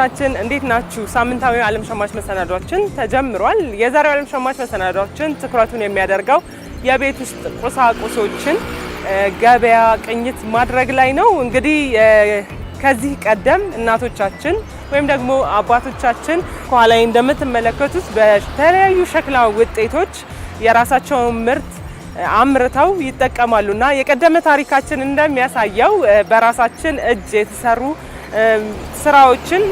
ተመልካቾቻችን እንዴት ናችሁ? ሳምንታዊ ዓለም ሸማች መሰናዷችን ተጀምሯል። የዛሬው ዓለም ሸማች መሰናዷችን ትኩረቱን የሚያደርገው የቤት ውስጥ ቁሳቁሶችን ገበያ ቅኝት ማድረግ ላይ ነው። እንግዲህ ከዚህ ቀደም እናቶቻችን ወይም ደግሞ አባቶቻችን ከኋላይ እንደምትመለከቱት በተለያዩ ሸክላ ውጤቶች የራሳቸውን ምርት አምርተው ይጠቀማሉ እና የቀደመ ታሪካችን እንደሚያሳየው በራሳችን እጅ የተሰሩ ስራዎችን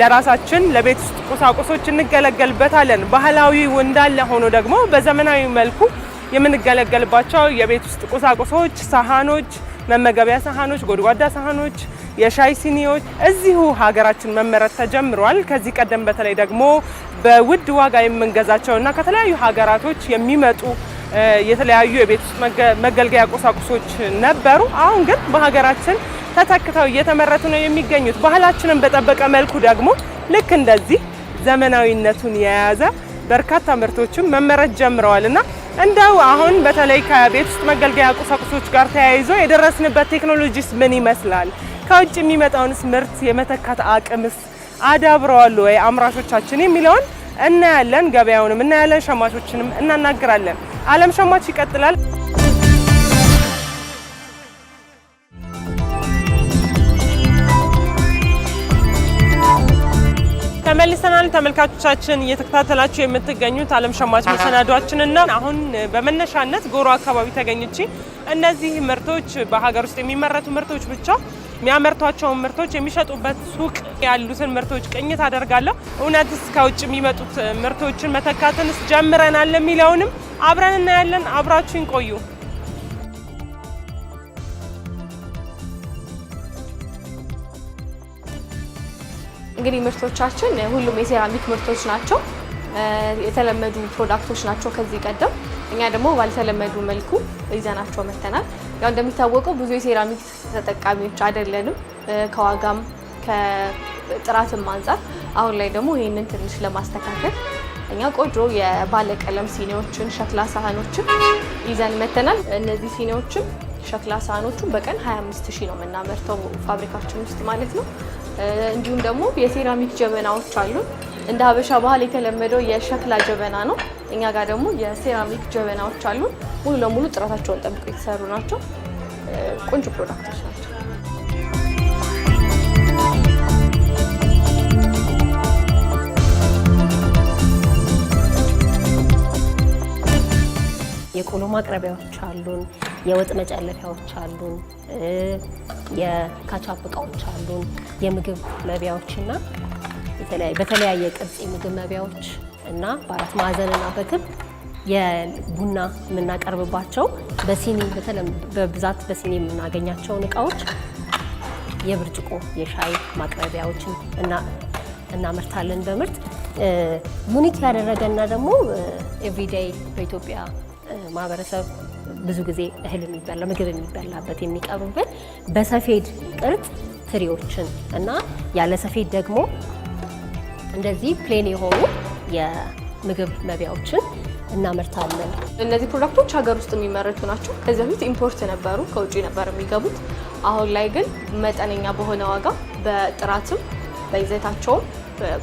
ለራሳችን ለቤት ውስጥ ቁሳቁሶች እንገለገልበታለን። ባህላዊ እንዳለ ሆኖ ደግሞ በዘመናዊ መልኩ የምንገለገልባቸው የቤት ውስጥ ቁሳቁሶች፣ ሳህኖች፣ መመገቢያ ሳህኖች፣ ጎድጓዳ ሳህኖች፣ የሻይ ሲኒዎች እዚሁ ሀገራችን መመረት ተጀምሯል። ከዚህ ቀደም በተለይ ደግሞ በውድ ዋጋ የምንገዛቸው እና ከተለያዩ ሀገራቶች የሚመጡ የተለያዩ የቤት ውስጥ መገልገያ ቁሳቁሶች ነበሩ። አሁን ግን በሀገራችን ተተክተው እየተመረቱ ነው የሚገኙት። ባህላችንን በጠበቀ መልኩ ደግሞ ልክ እንደዚህ ዘመናዊነቱን የያዘ በርካታ ምርቶችን መመረት ጀምረዋል እና እንደው አሁን በተለይ ከቤት ውስጥ መገልገያ ቁሳቁሶች ጋር ተያይዞ የደረስንበት ቴክኖሎጂስ ምን ይመስላል? ከውጭ የሚመጣውንስ ምርት የመተካት አቅምስ አዳብረዋል ወይ አምራቾቻችን የሚለውን እናያለን። ገበያውንም እናያለን፣ ሸማቾችንም እናናግራለን። ዓለም ሸማች ይቀጥላል። ተመልሰናል ተመልካቾቻችን እየተከታተላችሁ የምትገኙት ዓለም ሸማች መሰናዷችንን ነው። አሁን በመነሻነት ጎሮ አካባቢ ተገኝቼ እነዚህ ምርቶች በሀገር ውስጥ የሚመረቱ ምርቶች ብቻ የሚያመርቷቸውን ምርቶች የሚሸጡበት ሱቅ ያሉትን ምርቶች ቅኝት አደርጋለሁ። እውነትስ ከውጭ የሚመጡት ምርቶችን መተካትንስ ጀምረናል የሚለውንም አብረን እናያለን። አብራችሁን ቆዩ። እንግዲህ ምርቶቻችን ሁሉም የሴራሚክ ምርቶች ናቸው። የተለመዱ ፕሮዳክቶች ናቸው ከዚህ ቀደም። እኛ ደግሞ ባልተለመዱ መልኩ ይዘናቸው መተናል። ያው እንደሚታወቀው ብዙ የሴራሚክ ተጠቃሚዎች አይደለንም ከዋጋም ከጥራትም አንጻር። አሁን ላይ ደግሞ ይህንን ትንሽ ለማስተካከል እኛ ቆንጆ የባለቀለም ሲኒዎችን፣ ሸክላ ሳህኖችን ይዘን መተናል። እነዚህ ሲኒዎችም ሸክላ ሳህኖቹን በቀን 25 ሺህ ነው የምናመርተው ፋብሪካችን ውስጥ ማለት ነው። እንዲሁም ደግሞ የሴራሚክ ጀበናዎች አሉ። እንደ ሀበሻ ባህል የተለመደው የሸክላ ጀበና ነው። እኛ ጋር ደግሞ የሴራሚክ ጀበናዎች አሉ። ሙሉ ለሙሉ ጥራታቸውን ጠብቀው የተሰሩ ናቸው። ቆንጆ ፕሮዳክቶች ናቸው። የቆሎ ማቅረቢያዎች አሉን። የወጥ መጨለፊያዎች አሉን፣ የካቻፕ እቃዎች አሉን፣ የምግብ መቢያዎች እና በተለያየ ቅርጽ የምግብ መቢያዎች እና በአራት ማዕዘንና በክብ የቡና የምናቀርብባቸው በሲኒ በብዛት በሲኒ የምናገኛቸውን እቃዎች የብርጭቆ የሻይ ማቅረቢያዎችን እናመርታለን። በምርት ሙኒክ ያደረገና ደግሞ ኤቭሪዴይ በኢትዮጵያ ማህበረሰብ ብዙ ጊዜ እህል የሚበላ ምግብ የሚበላበት የሚቀርብበት በሰፌድ ቅርጽ ትሪዎችን እና ያለ ሰፌድ ደግሞ እንደዚህ ፕሌን የሆኑ የምግብ መቢያዎችን እናመርታለን። እነዚህ ፕሮዳክቶች ሀገር ውስጥ የሚመረቱ ናቸው። ከዚህ በፊት ኢምፖርት ነበሩ፣ ከውጭ ነበር የሚገቡት። አሁን ላይ ግን መጠነኛ በሆነ ዋጋ በጥራትም በይዘታቸውም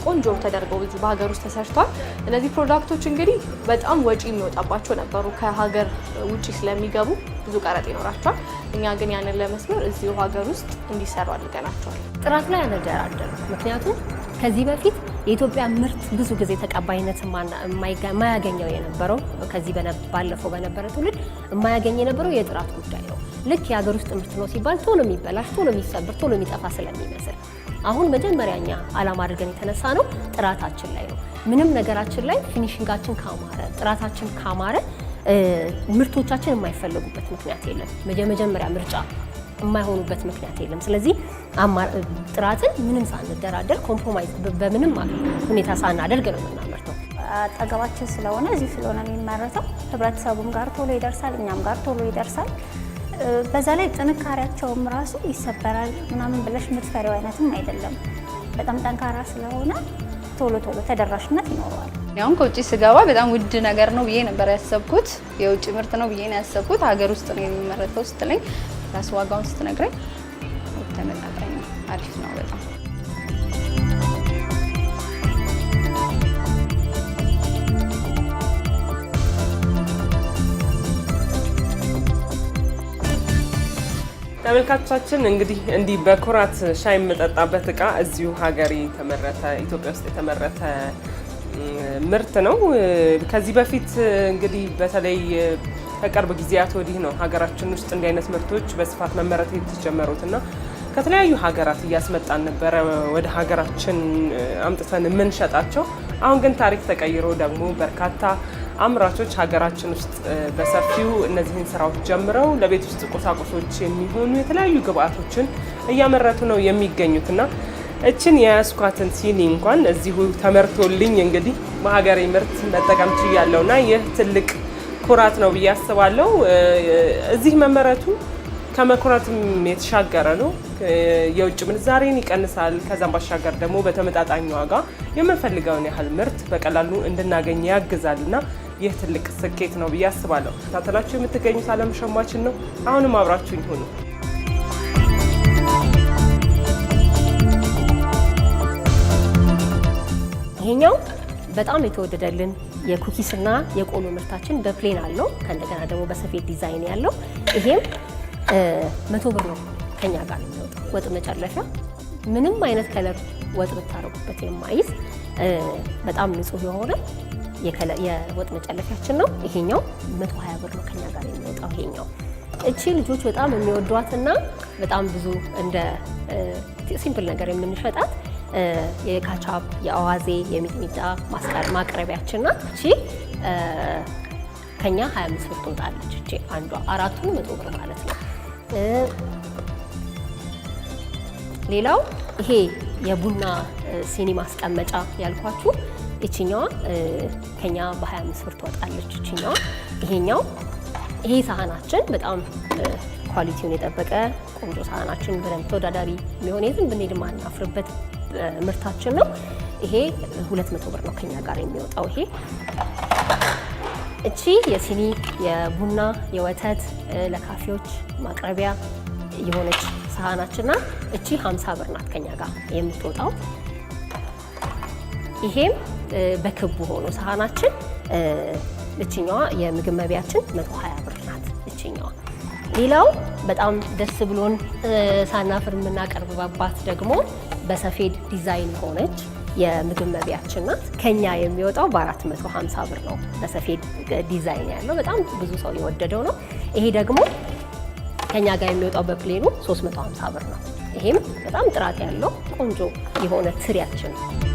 ቆንጆ ተደርገው ብዙ በሀገር ውስጥ ተሰርቷል። እነዚህ ፕሮዳክቶች እንግዲህ በጣም ወጪ የሚወጣባቸው ነበሩ። ከሀገር ውጭ ስለሚገቡ ብዙ ቀረጥ ይኖራቸዋል። እኛ ግን ያንን ለመስበር እዚሁ ሀገር ውስጥ እንዲሰሩ አድርገናቸዋል። ጥራት ላይ አንደራደርም። ምክንያቱም ከዚህ በፊት የኢትዮጵያ ምርት ብዙ ጊዜ ተቀባይነት የማያገኘው የነበረው ከዚህ ባለፈው በነበረ ትውልድ የማያገኝ የነበረው የጥራት ጉዳይ ነው። ልክ የሀገር ውስጥ ምርት ነው ሲባል ቶሎ የሚበላሽ፣ ቶሎ የሚሰብር፣ ቶሎ የሚጠፋ ስለሚመስል አሁን መጀመሪያኛ አላማ አድርገን የተነሳ ነው ጥራታችን ላይ ነው። ምንም ነገራችን ላይ ፊኒሽንጋችን ካማረ፣ ጥራታችን ካማረ ምርቶቻችን የማይፈለጉበት ምክንያት የለም። የመጀመሪያ ምርጫ የማይሆኑበት ምክንያት የለም። ስለዚህ ጥራትን ምንም ሳንደራደር ኮምፕሮማይዝ በምንም ሁኔታ ሳናደርግ ነው የምናመርተው። አጠገባችን ስለሆነ እዚህ ስለሆነ የሚመረተው ህብረተሰቡም ጋር ቶሎ ይደርሳል፣ እኛም ጋር ቶሎ ይደርሳል። በዛ ላይ ጥንካሬያቸውም ራሱ ይሰበራል ምናምን ብለሽ የምትፈሪው አይነትም አይደለም። በጣም ጠንካራ ስለሆነ ቶሎ ቶሎ ተደራሽነት ይኖረዋል። አሁን ከውጭ ስገባ በጣም ውድ ነገር ነው ብዬ ነበር ያሰብኩት፣ የውጭ ምርት ነው ብዬ ነው ያሰብኩት። ሀገር ውስጥ ነው የሚመረተው ስትለኝ ራስ ዋጋውን ስትነግረኝ ተመጣጣኝ ነው፣ አሪፍ ነው በጣም ተመልካቾቻችን እንግዲህ እንዲህ በኩራት ሻይ የምጠጣበት እቃ እዚሁ ሀገር የተመረተ ኢትዮጵያ ውስጥ የተመረተ ምርት ነው። ከዚህ በፊት እንግዲህ በተለይ ከቅርብ ጊዜያት ወዲህ ነው ሀገራችን ውስጥ እንዲህ አይነት ምርቶች በስፋት መመረት የተጀመሩት እና ከተለያዩ ሀገራት እያስመጣን ነበረ ወደ ሀገራችን አምጥተን የምንሸጣቸው። አሁን ግን ታሪክ ተቀይሮ ደግሞ በርካታ አምራቾች ሀገራችን ውስጥ በሰፊው እነዚህን ስራዎች ጀምረው ለቤት ውስጥ ቁሳቁሶች የሚሆኑ የተለያዩ ግብአቶችን እያመረቱ ነው የሚገኙት እና እችን የያስኳትን ሲኒ እንኳን እዚሁ ተመርቶልኝ እንግዲህ በሀገሬ ምርት መጠቀም ችያለሁና ይህ ትልቅ ኩራት ነው ብዬ አስባለሁ። እዚህ መመረቱ ከመኩራትም የተሻገረ ነው። የውጭ ምንዛሬን ይቀንሳል። ከዛም ባሻገር ደግሞ በተመጣጣኝ ዋጋ የምንፈልገውን ያህል ምርት በቀላሉ እንድናገኝ ያግዛል እና ይህ ትልቅ ስኬት ነው ብዬ አስባለሁ። ታተላችሁ የምትገኙት አለም ሸማችን ነው። አሁንም አብራችሁኝ ሁኑ። ይሄኛው በጣም የተወደደልን የኩኪስ እና የቆሎ ምርታችን በፕሌን አለው ከእንደገና ደግሞ በሰፌድ ዲዛይን ያለው ይሄም መቶ ብር ነው ከኛ ጋር ወጥ መጨረሻ ምንም አይነት ከለር ወጥ ብታረጉበት የማይዝ በጣም ንጹህ የሆነ የወጥ መጨለፊያችን ነው። ይሄኛው 120 ብር ነው ከኛ ጋር የሚወጣው ይሄኛው። እቺ ልጆች በጣም የሚወዷትና በጣም ብዙ እንደ ሲምፕል ነገር የምንሸጣት የካቻፕ የአዋዜ የሚጥሚጣ ማቅረቢያችን ናት። እቺ ከኛ 25 ብር ትወጣለች። እቺ አንዷ አራቱ መቶ ብር ማለት ነው። ሌላው ይሄ የቡና ሲኒ ማስቀመጫ ያልኳችሁ እችኛዋ ከኛ በ25 ብር ትወጣለች። እችኛዋ ይሄኛው ይሄ ሳህናችን በጣም ኳሊቲውን የጠበቀ ቆንጆ ሳህናችን በደንብ ተወዳዳሪ የሚሆን የትም ብንሄድ ማናፍርበት ምርታችን ነው። ይሄ 200 ብር ነው ከኛ ጋር የሚወጣው ይሄ እቺ የሲኒ የቡና የወተት ለካፌዎች ማቅረቢያ የሆነች ሳህናችን ሳህናችንና እቺ 50 ብር ናት ከኛ ጋር የምትወጣው። ይሄም በክቡ ሆኖ ሳህናችን እችኛዋ የምግብ መቢያችን 120 ብር ናት። እችኛዋ ሌላው በጣም ደስ ብሎን ሳናፍር የምናቀርብባት ደግሞ በሰፌድ ዲዛይን ሆነች የምግብ መቢያችን ናት። ከኛ የሚወጣው በ450 ብር ነው። በሰፌድ ዲዛይን ያለው በጣም ብዙ ሰው የወደደው ነው። ይሄ ደግሞ ከኛ ጋር የሚወጣው በፕሌኑ 350 ብር ነው። ይሄም በጣም ጥራት ያለው ቆንጆ የሆነ ትሪያችን ነው።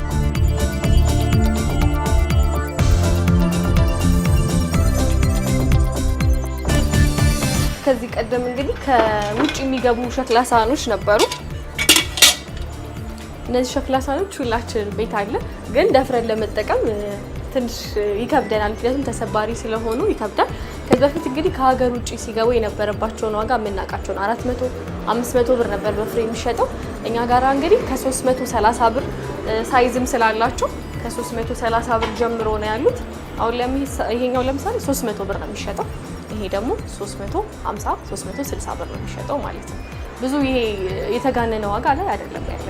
ከዚህ ቀደም እንግዲህ ከውጭ የሚገቡ ሸክላ ሳህኖች ነበሩ። እነዚህ ሸክላ ሳህኖች ሁላችን ቤት አለ፣ ግን ደፍረን ለመጠቀም ትንሽ ይከብደናል። ምክንያቱም ተሰባሪ ስለሆኑ ይከብዳል። ከዚህ በፊት እንግዲህ ከሀገር ውጭ ሲገቡ የነበረባቸውን ዋጋ የምናውቃቸው ነው። አራት መቶ አምስት መቶ ብር ነበር በፍሬ የሚሸጠው። እኛ ጋር እንግዲህ ከሶስት መቶ ሰላሳ ብር ሳይዝም ስላላቸው ከሶስት መቶ ሰላሳ ብር ጀምሮ ነው ያሉት። አሁን ይሄኛው ለምሳሌ ሶስት መቶ ብር ነው የሚሸጠው። ይሄ ደግሞ 350 360 ብር ነው የሚሸጠው ማለት ነው። ብዙ ይሄ የተጋነነ ዋጋ ላይ አይደለም ያለ።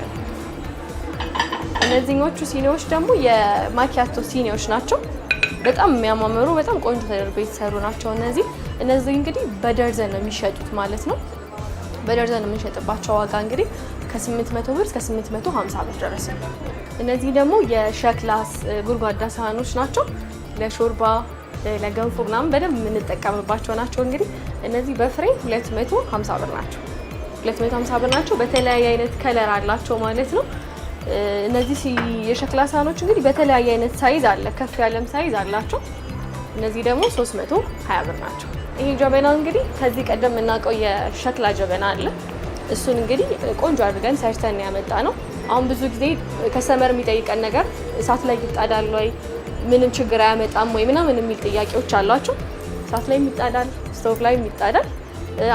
እነዚህኞቹ ሲኒዎች ደግሞ የማኪያቶ ሲኒዎች ናቸው። በጣም የሚያማምሩ በጣም ቆንጆ ተደርገው የተሰሩ ናቸው። እነዚህ እነዚህ እንግዲህ በደርዘን ነው የሚሸጡት ማለት ነው። በደርዘን የምንሸጥባቸው ዋጋ እንግዲህ ከ800 ብር እስከ 850 ብር ድረስ ነው። እነዚህ ደግሞ የሸክላ ጎድጓዳ ሳህኖች ናቸው ለሾርባ ለገንፎ ምናምን በደንብ የምንጠቀምባቸው ናቸው። እንግዲህ እነዚህ በፍሬ 250 ብር ናቸው። 250 ብር ናቸው። በተለያየ አይነት ከለር አላቸው ማለት ነው። እነዚህ የሸክላ ሳህኖች እንግዲህ በተለያየ አይነት ሳይዝ አለ፣ ከፍ ያለም ሳይዝ አላቸው። እነዚህ ደግሞ 320 ብር ናቸው። ይሄ ጀበና እንግዲህ ከዚህ ቀደም የምናውቀው የሸክላ ጀበና አለ። እሱን እንግዲህ ቆንጆ አድርገን ሰርተን ያመጣ ነው። አሁን ብዙ ጊዜ ከሰመር የሚጠይቀን ነገር እሳት ላይ ይጣዳል ወይ ምንም ችግር አያመጣም ወይ ምናምን የሚል ጥያቄዎች አሏቸው። እሳት ላይ ይጣዳል፣ ስቶቭ ላይ ይጣዳል።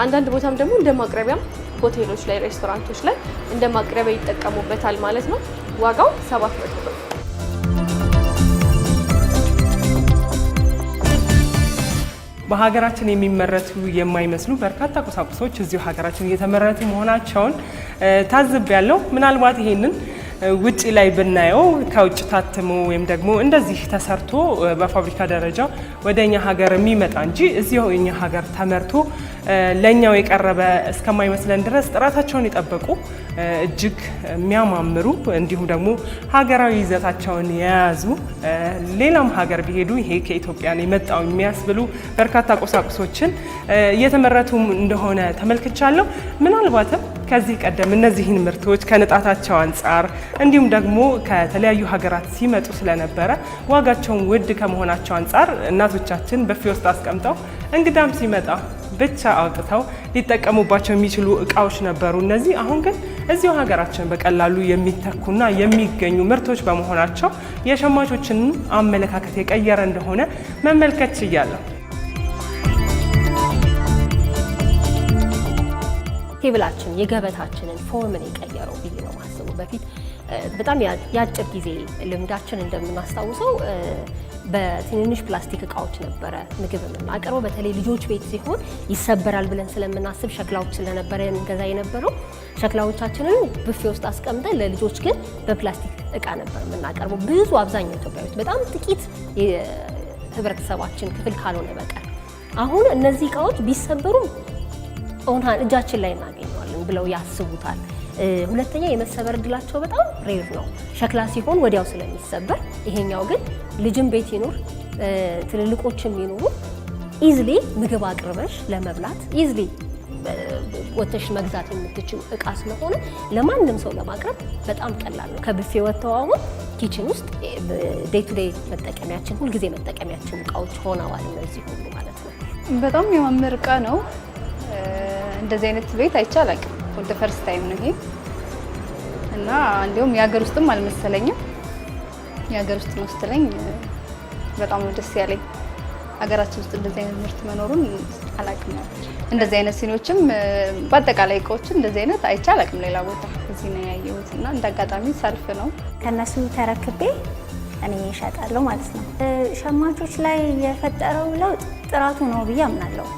አንዳንድ ቦታም ደግሞ እንደ ማቅረቢያም ሆቴሎች ላይ፣ ሬስቶራንቶች ላይ እንደ ማቅረቢያ ይጠቀሙበታል ማለት ነው። ዋጋው ሰባት መቶ ነው። በሀገራችን የሚመረቱ የማይመስሉ በርካታ ቁሳቁሶች እዚሁ ሀገራችን እየተመረቱ መሆናቸውን ታዝብ ያለው ምናልባት ይሄንን ውጪ ላይ ብናየው ከውጭ ታትሞ ወይም ደግሞ እንደዚህ ተሰርቶ በፋብሪካ ደረጃ ወደ እኛ ሀገር የሚመጣ እንጂ እዚሁ እኛ ሀገር ተመርቶ ለእኛው የቀረበ እስከማይመስለን ድረስ ጥራታቸውን የጠበቁ እጅግ የሚያማምሩ እንዲሁም ደግሞ ሀገራዊ ይዘታቸውን የያዙ ሌላም ሀገር ቢሄዱ ይሄ ከኢትዮጵያ ነው የመጣው የሚያስብሉ በርካታ ቁሳቁሶችን እየተመረቱ እንደሆነ ተመልክቻለሁ። ምናልባትም ከዚህ ቀደም እነዚህን ምርቶች ከንጣታቸው አንጻር እንዲሁም ደግሞ ከተለያዩ ሀገራት ሲመጡ ስለነበረ ዋጋቸውን ውድ ከመሆናቸው አንጻር እናቶቻችን በፊ ውስጥ አስቀምጠው እንግዳም ሲመጣ ብቻ አውጥተው ሊጠቀሙባቸው የሚችሉ እቃዎች ነበሩ። እነዚህ አሁን ግን እዚሁ ሀገራችን በቀላሉ የሚተኩና የሚገኙ ምርቶች በመሆናቸው የሸማቾችን አመለካከት የቀየረ እንደሆነ መመልከት ችያለሁ። ቴብላችን የገበታችንን ፎርምን የቀየረው ብዬ ነው ማስቡ። በፊት በጣም የአጭር ጊዜ ልምዳችን እንደምናስታውሰው በትንንሽ ፕላስቲክ እቃዎች ነበረ ምግብ የምናቀርበው። በተለይ ልጆች ቤት ሲሆን ይሰበራል ብለን ስለምናስብ ሸክላዎች ስለነበረ የምንገዛ የነበረው ሸክላዎቻችንን ብፌ ውስጥ አስቀምጠን ለልጆች ግን በፕላስቲክ እቃ ነበር የምናቀርበው። ብዙ አብዛኛው ኢትዮጵያዊት በጣም ጥቂት የህብረተሰባችን ክፍል ካልሆነ በቀር አሁን እነዚህ እቃዎች ቢሰበሩም ኦንሃን እጃችን ላይ እናገኘዋለን ብለው ያስቡታል። ሁለተኛ የመሰበር እድላቸው በጣም ሬር ነው፣ ሸክላ ሲሆን ወዲያው ስለሚሰበር። ይሄኛው ግን ልጅም ቤት ይኑር ትልልቆችም ይኑሩ ኢዝሊ ምግብ አቅርበሽ ለመብላት ኢዝሊ ወተሽ መግዛት የምትችል እቃ ስለሆነ ለማንም ሰው ለማቅረብ በጣም ቀላል ነው። ከብፌ ወጥተው አሁን ኪችን ውስጥ ዴይ ቱ ዴይ መጠቀሚያችን ሁልጊዜ መጠቀሚያችን እቃዎች ሆነዋል እነዚህ ሁሉ ማለት ነው። በጣም የማምር እቃ ነው። እንደዚህ አይነት ቤት አይቼ አላውቅም። ዘ ፈርስት ታይም ነው ይሄ እና እንዲሁም የሀገር ውስጥም አልመሰለኝም። የሀገር ውስጥ መስትለኝ በጣም ነው ደስ ያለኝ። ሀገራችን ውስጥ እንደዚህ አይነት ምርት መኖሩን አላውቅም ነበር። እንደዚህ አይነት ሲኖችም በአጠቃላይ እቃዎችም እንደዚህ አይነት አይቼ አላውቅም ሌላ ቦታ። እዚህ ነው ያየሁት እና እንደ አጋጣሚ ነው ከእነሱ ተረክቤ እኔ እሸጣለሁ ማለት ነው። ሸማቾች ላይ የፈጠረው ለውጥ ጥራቱ ነው ብዬ አምናለሁ።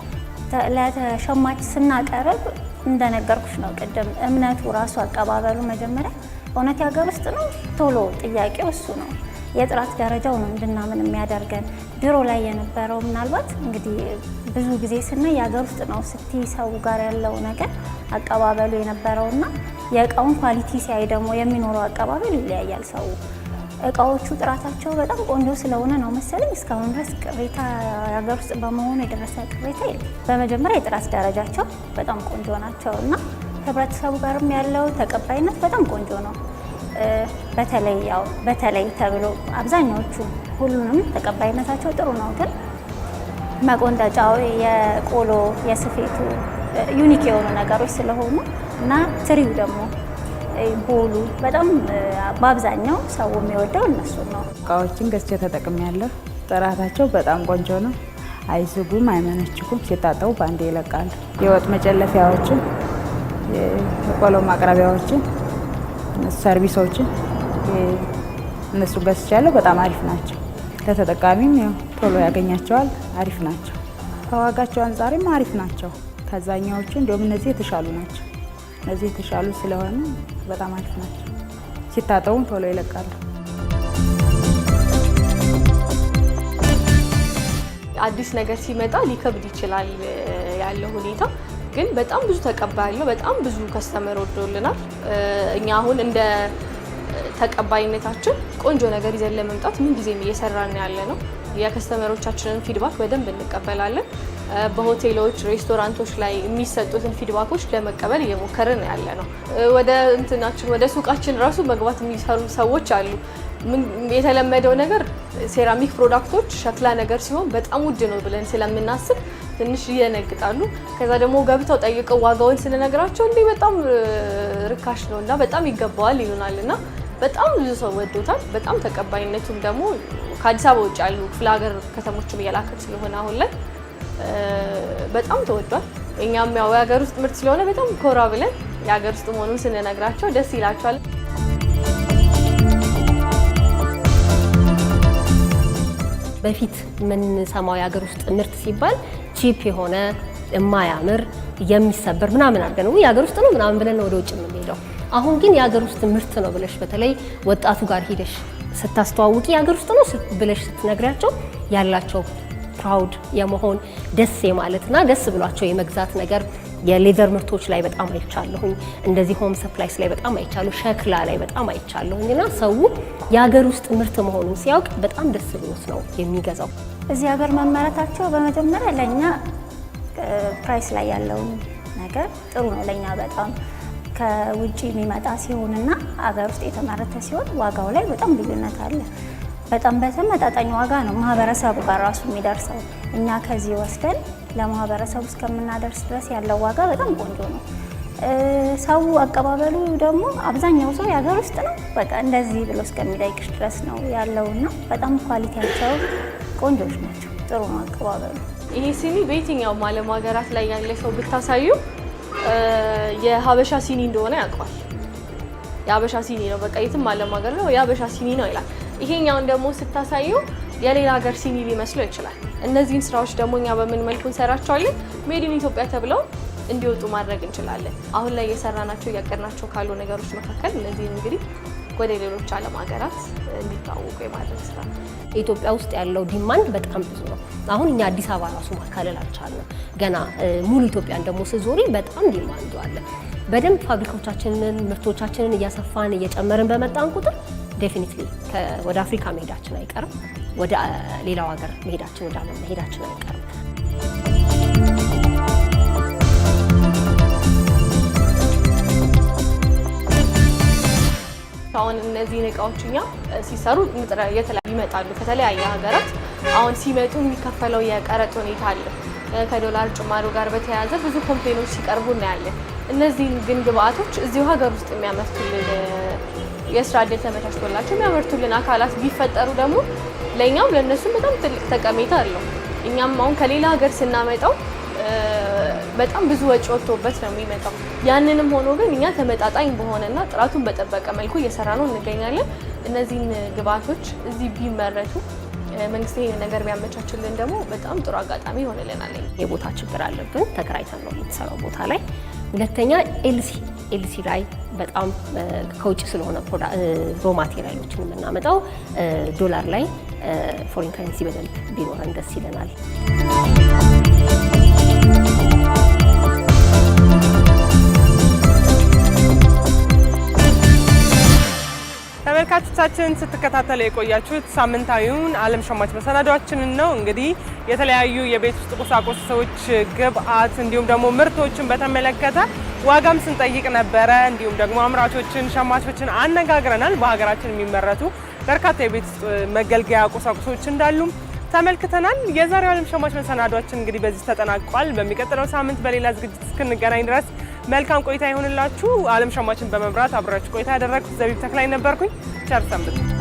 ለተሸማች ስናቀርብ እንደነገርኩሽ ነው ቅድም እምነቱ ራሱ አቀባበሉ መጀመሪያ እውነት የሀገር ውስጥ ነው። ቶሎ ጥያቄው እሱ ነው። የጥራት ደረጃው ነው እንድናምን የሚያደርገን። ድሮ ላይ የነበረው ምናልባት እንግዲህ ብዙ ጊዜ ስናይ የሀገር ውስጥ ነው ስቲ ሰው ጋር ያለው ነገር አቀባበሉ የነበረውና የእቃውን ኳሊቲ ሲያይ ደግሞ የሚኖረው አቀባበል ይለያያል ሰው እቃዎቹ ጥራታቸው በጣም ቆንጆ ስለሆነ ነው መሰለኝ እስካሁን ድረስ ቅሬታ ሀገር ውስጥ በመሆኑ የደረሰ ቅሬታ የለም። በመጀመሪያ የጥራት ደረጃቸው በጣም ቆንጆ ናቸው እና ህብረተሰቡ ጋርም ያለው ተቀባይነት በጣም ቆንጆ ነው። በተለይ ያው በተለይ ተብሎ አብዛኛዎቹ ሁሉንም ተቀባይነታቸው ጥሩ ነው፣ ግን መቆንጠጫው፣ የቆሎ፣ የስፌቱ ዩኒክ የሆኑ ነገሮች ስለሆኑ እና ትሪው ደግሞ ቦሉ በጣም በአብዛኛው ሰው የሚወደው እነሱ ነው። እቃዎችን ገዝቼ ተጠቅሜያለሁ። ጥራታቸው በጣም ቆንጆ ነው። አይስጉም፣ አይመነችኩም። ሲታጠቡ በአንድ ይለቃሉ። የወጥ መጨለፊያዎችን፣ የቆሎ ማቅረቢያዎችን፣ ሰርቪሶችን እነሱ ገዝቻለሁ። በጣም አሪፍ ናቸው። ለተጠቃሚም ቶሎ ያገኛቸዋል። አሪፍ ናቸው። ከዋጋቸው አንጻርም አሪፍ ናቸው። ከዛኛዎቹ እንዲሁም እነዚህ የተሻሉ ናቸው። እነዚህ የተሻሉ ስለሆነ በጣም አሪፍ ናቸው። ሲታጠቡም ቶሎ ይለቃሉ። አዲስ ነገር ሲመጣ ሊከብድ ይችላል ያለው ሁኔታ ግን በጣም ብዙ ተቀባይ አለው። በጣም ብዙ ከስተመር ወዶልናል። እኛ አሁን እንደ ተቀባይነታችን ቆንጆ ነገር ይዘን ለመምጣት ምን ጊዜም እየሰራን ያለ ነው። የከስተመሮቻችንን ፊድባክ በደንብ እንቀበላለን። በሆቴሎች ሬስቶራንቶች ላይ የሚሰጡትን ፊድባኮች ለመቀበል እየሞከርን ያለ ነው። ወደ እንትናችን ወደ ሱቃችን ራሱ መግባት የሚሰሩ ሰዎች አሉ። የተለመደው ነገር ሴራሚክ ፕሮዳክቶች ሸክላ ነገር ሲሆን በጣም ውድ ነው ብለን ስለምናስብ ትንሽ ይደነግጣሉ። ከዛ ደግሞ ገብተው ጠይቀው ዋጋውን ስንነግራቸው እንዲህ በጣም ርካሽ ነው እና በጣም ይገባዋል ይሉናል እና በጣም ብዙ ሰው ወዶታል። በጣም ተቀባይነቱም ደግሞ ከአዲስ አበባ ውጭ ያሉ ክፍለ ሀገር ከተሞችም እየላከች ስለሆነ አሁን ላይ በጣም ተወዷል። እኛም ያው የሀገር ውስጥ ምርት ስለሆነ በጣም ኮራ ብለን የሀገር ውስጥ መሆኑን ስንነግራቸው ደስ ይላቸዋል። በፊት የምንሰማው የሀገር ውስጥ ምርት ሲባል ቺፕ የሆነ የማያምር የሚሰበር ምናምን አድርገን ነው የሀገር ውስጥ ነው ምናምን ብለን ወደ ውጭ የምንሄደው። አሁን ግን የሀገር ውስጥ ምርት ነው ብለሽ በተለይ ወጣቱ ጋር ሄደሽ ስታስተዋውቂ የሀገር ውስጥ ነው ብለሽ ስትነግሪያቸው ያላቸው ፕራውድ የመሆን ደስ የማለትና ደስ ብሏቸው የመግዛት ነገር የሌዘር ምርቶች ላይ በጣም አይቻለሁኝ። እንደዚህ ሆም ሰፕላይስ ላይ በጣም አይቻለሁ። ሸክላ ላይ በጣም አይቻለሁኝ። እና ሰው የሀገር ውስጥ ምርት መሆኑን ሲያውቅ በጣም ደስ ብሎት ነው የሚገዛው። እዚህ ሀገር መመረታቸው በመጀመሪያ ለእኛ ፕራይስ ላይ ያለውን ነገር ጥሩ ነው ለእኛ በጣም ከውጭ የሚመጣ ሲሆንና አገር ውስጥ የተመረተ ሲሆን ዋጋው ላይ በጣም ልዩነት አለ። በጣም በተመጣጣኝ ዋጋ ነው ማህበረሰቡ ጋር ራሱ የሚደርሰው። እኛ ከዚህ ወስደን ለማህበረሰቡ እስከምናደርስ ድረስ ያለው ዋጋ በጣም ቆንጆ ነው። ሰው አቀባበሉ ደግሞ አብዛኛው ሰው የሀገር ውስጥ ነው፣ በቃ እንደዚህ ብሎ እስከሚጠይቅሽ ድረስ ነው እና በጣም ኳሊቲያቸው ቆንጆች ናቸው። ጥሩ ነው አቀባበሉ። ይህ ሲኒ በየትኛውም ዓለም ሀገራት ላይ ያለ ሰው ብታሳዩ የሀበሻ ሲኒ እንደሆነ ያውቀዋል። የሀበሻ ሲኒ ነው፣ በቃ የትም ዓለም ሀገር ነው የሀበሻ ሲኒ ነው ይላል። ይሄኛውን ደግሞ ስታሳዩ የሌላ ሀገር ሲኒ ሊመስለው ይችላል። እነዚህን ስራዎች ደግሞ እኛ በምን መልኩ እንሰራቸዋለን? ሜድን ኢትዮጵያ ተብለው እንዲወጡ ማድረግ እንችላለን። አሁን ላይ እየሰራናቸው እያቀድናቸው ካሉ ነገሮች መካከል እነዚህን እንግዲህ ወደ ሌሎች ዓለም ሀገራት እንዲታወቁ የማድረግ ስራ ኢትዮጵያ ውስጥ ያለው ዲማንድ በጣም ብዙ ነው። አሁን እኛ አዲስ አበባ ራሱ ማካለል አልቻልንም። ገና ሙሉ ኢትዮጵያን ደግሞ ስዞሪ በጣም ዲማንዱ አለ። በደንብ ፋብሪካዎቻችንን ምርቶቻችንን እያሰፋን እየጨመርን በመጣን ቁጥር ዴፊኒትሊ ወደ አፍሪካ መሄዳችን አይቀርም። ወደ ሌላው ሀገር መሄዳችን ወደ ዓለም መሄዳችን አይቀርም። አሁን እነዚህን እቃዎች እኛ ሲሰሩ የተለያዩ ይመጣሉ ከተለያየ ሀገራት። አሁን ሲመጡ የሚከፈለው የቀረጥ ሁኔታ አለ። ከዶላር ጭማሪው ጋር በተያያዘ ብዙ ኮምፕሌኖች ሲቀርቡ እናያለን። እነዚህን ግን ግብአቶች እዚሁ ሀገር ውስጥ የሚያመርቱልን የስራ እድል ተመቻችቶላቸው የሚያመርቱልን አካላት ቢፈጠሩ ደግሞ ለእኛም ለእነሱም በጣም ትልቅ ጠቀሜታ አለው። እኛም አሁን ከሌላ ሀገር ስናመጣው በጣም ብዙ ወጪ ወጥቶበት ነው የሚመጣው። ያንንም ሆኖ ግን እኛ ተመጣጣኝ በሆነና ጥራቱን በጠበቀ መልኩ እየሰራ ነው እንገኛለን። እነዚህን ግብአቶች እዚህ ቢመረቱ መንግስት ይህን ነገር ቢያመቻችልን ደግሞ በጣም ጥሩ አጋጣሚ ይሆንልናል። የቦታ ችግር አለብን። ተከራይተን ነው የምንሰራው ቦታ ላይ ሁለተኛ ኤልሲ ኤልሲ ላይ በጣም ከውጭ ስለሆነ ሮ ማቴሪያሎችን የምናመጣው ዶላር ላይ ፎሪን ከረንሲ በደንብ ቢኖረን ደስ ይለናል። ተመልካቾቻችን ስትከታተሉ የቆያችሁት ሳምንታዊውን ዓለም ሸማች መሰናዷችንን ነው። እንግዲህ የተለያዩ የቤት ውስጥ ቁሳቁሶች ግብአት፣ እንዲሁም ደግሞ ምርቶችን በተመለከተ ዋጋም ስንጠይቅ ነበረ። እንዲሁም ደግሞ አምራቾችን፣ ሸማቾችን አነጋግረናል። በሀገራችን የሚመረቱ በርካታ የቤት መገልገያ ቁሳቁሶች እንዳሉም ተመልክተናል። የዛሬው ዓለም ሸማች መሰናዷችን እንግዲህ በዚህ ተጠናቋል። በሚቀጥለው ሳምንት በሌላ ዝግጅት እስክንገናኝ ድረስ መልካም ቆይታ ይሆንላችሁ። ዓለም ሸማችን በመምራት አብራችሁ ቆይታ ያደረግኩት ዘቢብ ተክላይ ነበርኩኝ። ቸር ሰንብቱ።